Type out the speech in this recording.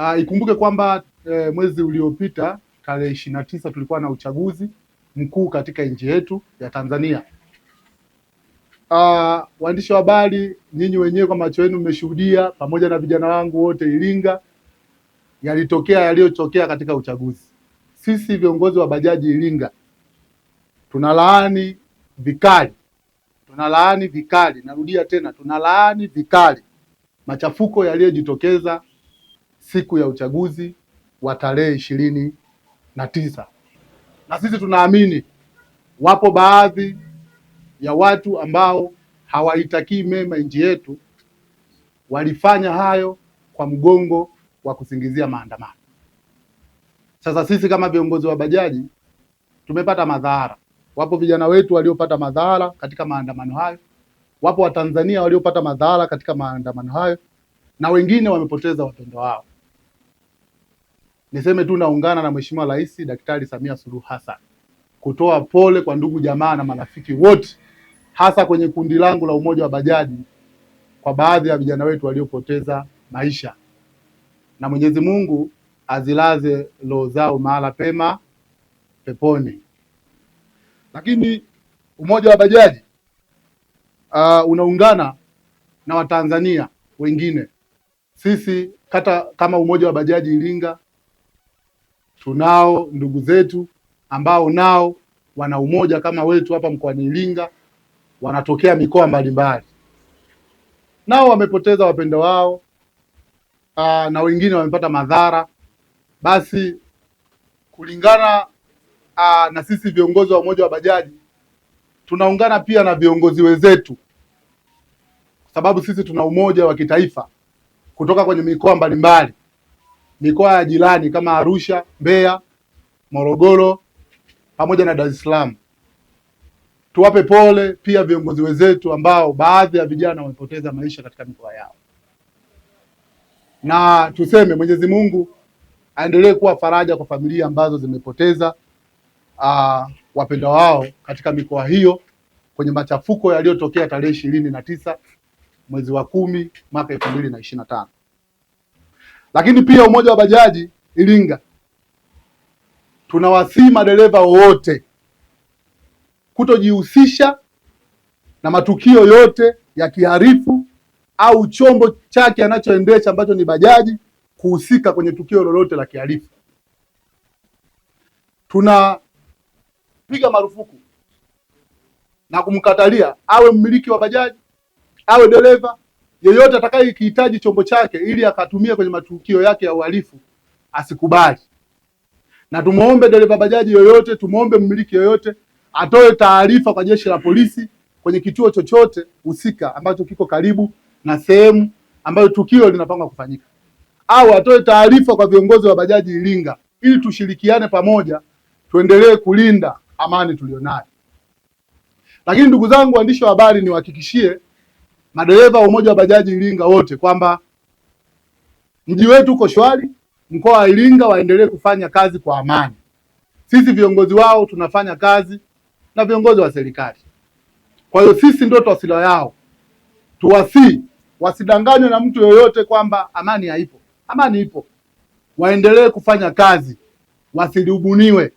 Uh, ikumbuke kwamba eh, mwezi uliopita tarehe ishirini na tisa tulikuwa na uchaguzi mkuu katika nchi yetu ya Tanzania. Uh, waandishi wa habari, nyinyi wenyewe kwa macho yenu mmeshuhudia, pamoja na vijana wangu wote Iringa, yalitokea yaliyotokea katika uchaguzi. Sisi viongozi wa bajaji Iringa tunalaani vikali, tunalaani vikali, narudia tena, tunalaani vikali machafuko yaliyojitokeza siku ya uchaguzi wa tarehe ishirini na tisa. Na sisi tunaamini wapo baadhi ya watu ambao hawaitakii mema nchi yetu, walifanya hayo kwa mgongo wa kusingizia maandamano. Sasa sisi kama viongozi wa bajaji tumepata madhara. Wapo vijana wetu waliopata madhara katika maandamano hayo, wapo Watanzania waliopata madhara katika maandamano hayo, na wengine wamepoteza wapendo wao. Niseme tu naungana na Mheshimiwa Rais Daktari Samia Suluhu Hassan kutoa pole kwa ndugu jamaa na marafiki wote, hasa kwenye kundi langu la Umoja wa Bajaji kwa baadhi ya vijana wetu waliopoteza maisha, na Mwenyezi Mungu azilaze roho zao mahala pema peponi. Lakini Umoja wa Bajaji uh, unaungana na Watanzania wengine, sisi kata kama Umoja wa Bajaji Iringa tunao ndugu zetu ambao nao wana umoja kama wetu hapa mkoani Iringa, wanatokea mikoa mbalimbali, nao wamepoteza wapendo wao aa, na wengine wamepata madhara. Basi kulingana aa, na sisi viongozi wa umoja wa bajaji tunaungana pia na viongozi wenzetu, kwa sababu sisi tuna umoja wa kitaifa kutoka kwenye mikoa mbalimbali mikoa ya jirani kama Arusha, Mbeya, Morogoro pamoja na Dar es Salaam. Tuwape pole pia viongozi wenzetu ambao baadhi ya vijana wamepoteza maisha katika mikoa yao, na tuseme Mwenyezi Mungu aendelee kuwa faraja kwa familia ambazo zimepoteza uh, wapenda wao katika mikoa hiyo kwenye machafuko yaliyotokea tarehe ishirini na tisa mwezi wa kumi mwaka elfu mbili na ishirini na tano. Lakini pia umoja wa bajaji Iringa tunawasihi madereva wote kutojihusisha na matukio yote ya kiharifu au chombo chake anachoendesha ambacho ni bajaji kuhusika kwenye tukio lolote la kiharifu. Tunapiga marufuku na kumkatalia awe mmiliki wa bajaji, awe dereva, yeyote atakayekihitaji chombo chake ili akatumia kwenye matukio yake ya uhalifu asikubali. Na tumwombe dereva bajaji yoyote, tumwombe mmiliki yoyote atoe taarifa kwa jeshi la polisi kwenye kituo chochote husika ambacho kiko karibu na sehemu ambayo tukio linapangwa kufanyika, au atoe taarifa kwa viongozi wa bajaji Iringa ili tushirikiane pamoja, tuendelee kulinda amani tulionayo. Lakini ndugu zangu waandishi wa habari, niwahakikishie madereva wa umoja wa bajaji Iringa wote kwamba mji wetu uko shwari, mkoa wa Iringa waendelee kufanya kazi kwa amani. Sisi viongozi wao tunafanya kazi na viongozi wa serikali, kwa hiyo sisi ndio tasila yao. Tuwasii wasidanganywe na mtu yoyote kwamba amani haipo. Amani ipo, waendelee kufanya kazi, wasidubuniwe